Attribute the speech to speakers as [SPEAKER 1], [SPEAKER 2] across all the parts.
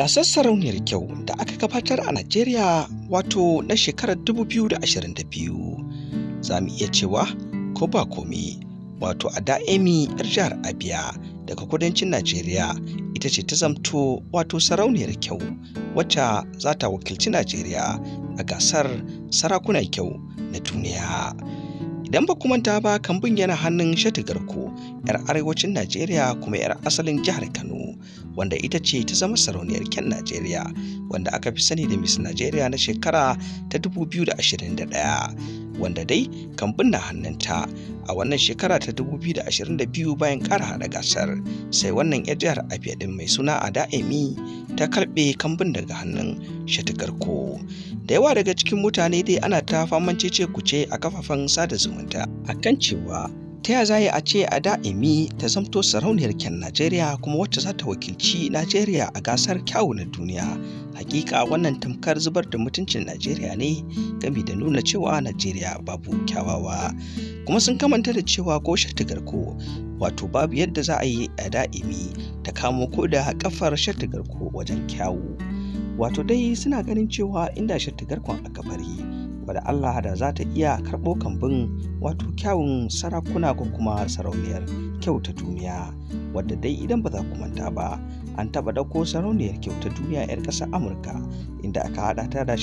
[SPEAKER 1] gasar sarauniyar kyau da aka gabatar a Najeriya wato na shekarar 2022 za mu iya cewa ko ba komi wato a da'emi yar jihar Abia daga kudancin Najeriya ita ce ta zamto wato sarauniyar kyau wacce za ta wakilci Najeriya a gasar sarakunan kyau na duniya. idan ba ta ba kambun yana hannun shatu garko yar arewacin najeriya kuma yar asalin jihar kano wanda ita ce ta zama sarauniyar kyan najeriya wanda aka fi sani da miss najeriya na shekara ta 2021 wanda dai kan kambun na ta, a wannan shekara ta 2022 bayan kara hada gasar sai wannan yar jihar abia din mai suna a daimi ta karbe kambun daga hannun shatigarko da yawa daga cikin mutane dai ana ta faman ku kuce a kafafen sada zumunta akan cewa ta ya za a ce a da'imi ta zamto sarauniyar kyan najeriya kuma wacce za ta wakilci najeriya a gasar kyawu na duniya hakika wannan tamkar zubar da mutuncin najeriya ne gami da nuna cewa najeriya babu kyawawa kuma sun kamanta da cewa ko shatigarko wato babu yadda za a yi a da'imi ta kamo ko da kafar shatigarko wajen kyawu wato dai suna ganin cewa inda shatigarkon aka bari wadda Allah da za ta iya karɓo kambin wato kyawun sarakuna ko kuma sarauniyar kyauta duniya wadda dai idan ba za ku manta ba an taɓa ɗauko sarauniyar kyauta duniya 'yar ƙasar amurka inda aka haɗa ta da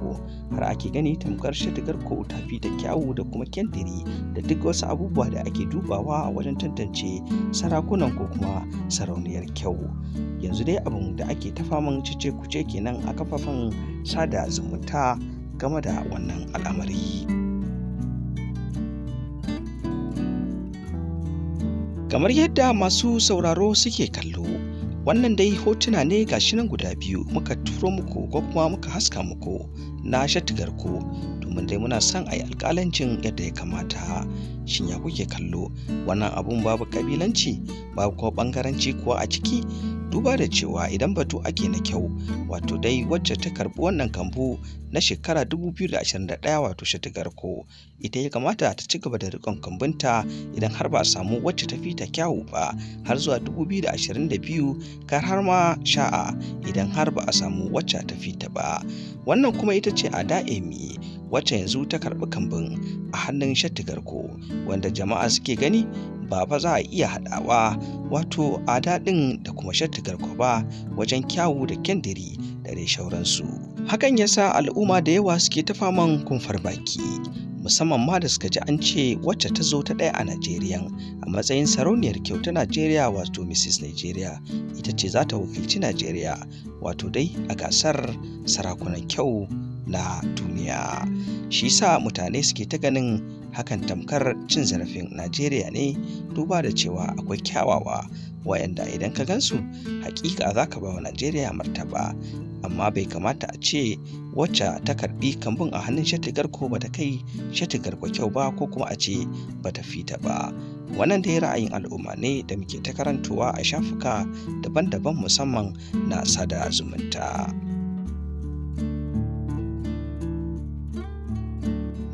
[SPEAKER 1] ko har ake gani tamkar shatigarko ta fi da kyawu da kuma kyandiri da duk wasu abubuwa da ake dubawa wajen tantance sarakunan ko kuma sarauniyar kyau yanzu dai abin da ake ta faman cece kuce kenan a kafafen sada zumunta game da wannan al'amari kamar yadda masu sauraro suke kallo wannan dai hotuna ne ga nan guda biyu muka turo muku ko kuma muka haska muku na shatigarku domin dai muna son a yi alkalancin yadda ya kamata shin ya kuke kallo wannan abun babu kabilanci babu kuma bangaranci kuwa a ciki duba da cewa idan batu ake na kyau wato dai wacce ta karbi wannan kambu na shekara 2021 wato shatigar ko ita ya kamata ta ci gaba da rikon kambunta idan har ba a samu wacce ta fita kyawu ba har zuwa 2022 kar har ma sha'a idan har ba a samu wacce ta ta ba wannan kuma ita ce a da'emi wacce yanzu ta karɓi kambin a hannun Shattigarko wanda jama'a suke gani ba fa za a iya haɗawa wato a daɗin da kuma Shattigarko ba wajen kyawu da kyandiri da dai shauransu hakan yasa al'umma da yawa suke ta faman kumfar baki musamman ma da suka ji an ce wacce ta zo ta ɗaya a Najeriya a matsayin sarauniyar kyauta Najeriya wato Mrs. Najeriya, ita ce za ta wakilci Najeriya wato dai a gasar sarakunan kyau na duniya shi sa mutane suke ta ganin hakan tamkar cin zarafin najeriya ne duba da cewa akwai kyawawa wayanda idan ka gansu hakika za ka bawa najeriya martaba amma bai kamata a ce wacce ta karbi kambun a hannun shatigar ko bata kai shatigar ba kyau ba ko kuma a ce bata fita ba wannan dai ra'ayin al'umma ne da muke ta karantowa a shafuka daban-daban musamman na sada zumunta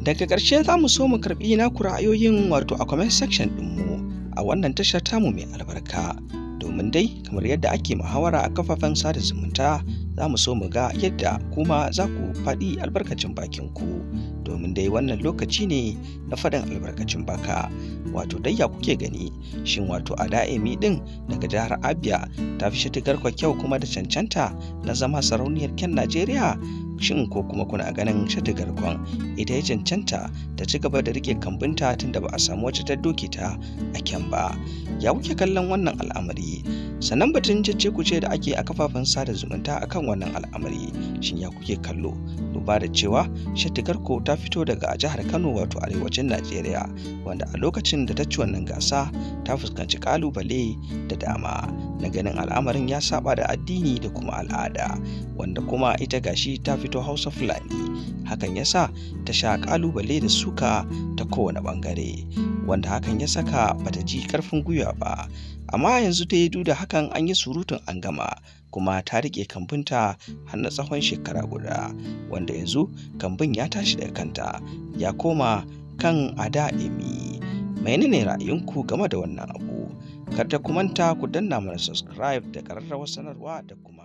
[SPEAKER 1] daga ƙarshe za mu so mu karɓi na ra'ayoyin wato a comment section ɗinmu a wannan tashar tamu mai albarka domin dai kamar yadda ake muhawara a kafafen sada zumunta za mu so mu ga yadda kuma za ku faɗi albarkacin bakin ku domin dai wannan lokaci ne na faɗin albarkacin baka wato dai ya kuke gani shin wato a da'imi din daga jihar abia ta fi shi kyau kuma da cancanta na zama sarauniyar kyan najeriya shin ko kuma kuna ganin shatigarkon ita ya cancanta ta ci gaba da rike kambinta tunda ba a samu wacce ta doke ta a kyan ba ya kuke kallon wannan al'amari sannan batun ku ce da ake a kafafen sada zumunta akan wannan al'amari shin ya kuke kallo duba da cewa shatigarko ta fito daga jihar kano wato arewacin najeriya wanda a lokacin da ta ci wannan gasa ta fuskanci kalubale da dama na ganin al'amarin ya saba da addini da kuma al'ada wanda kuma ita gashi ta fi fito hausa fulani hakan ya sa ta sha kalubale da suka ta kowane bangare wanda hakan ya saka bata ji karfin gwiwa ba amma yanzu ta yi da hakan an yi surutun an gama kuma ta rike kambinta har na tsawon shekara guda wanda yanzu kambin ya tashi daga kanta ya koma kan ada emi menene ra'ayinku game da wannan abu kar ta kumanta ku danna mana subscribe da ƙararrawar sanarwa da kuma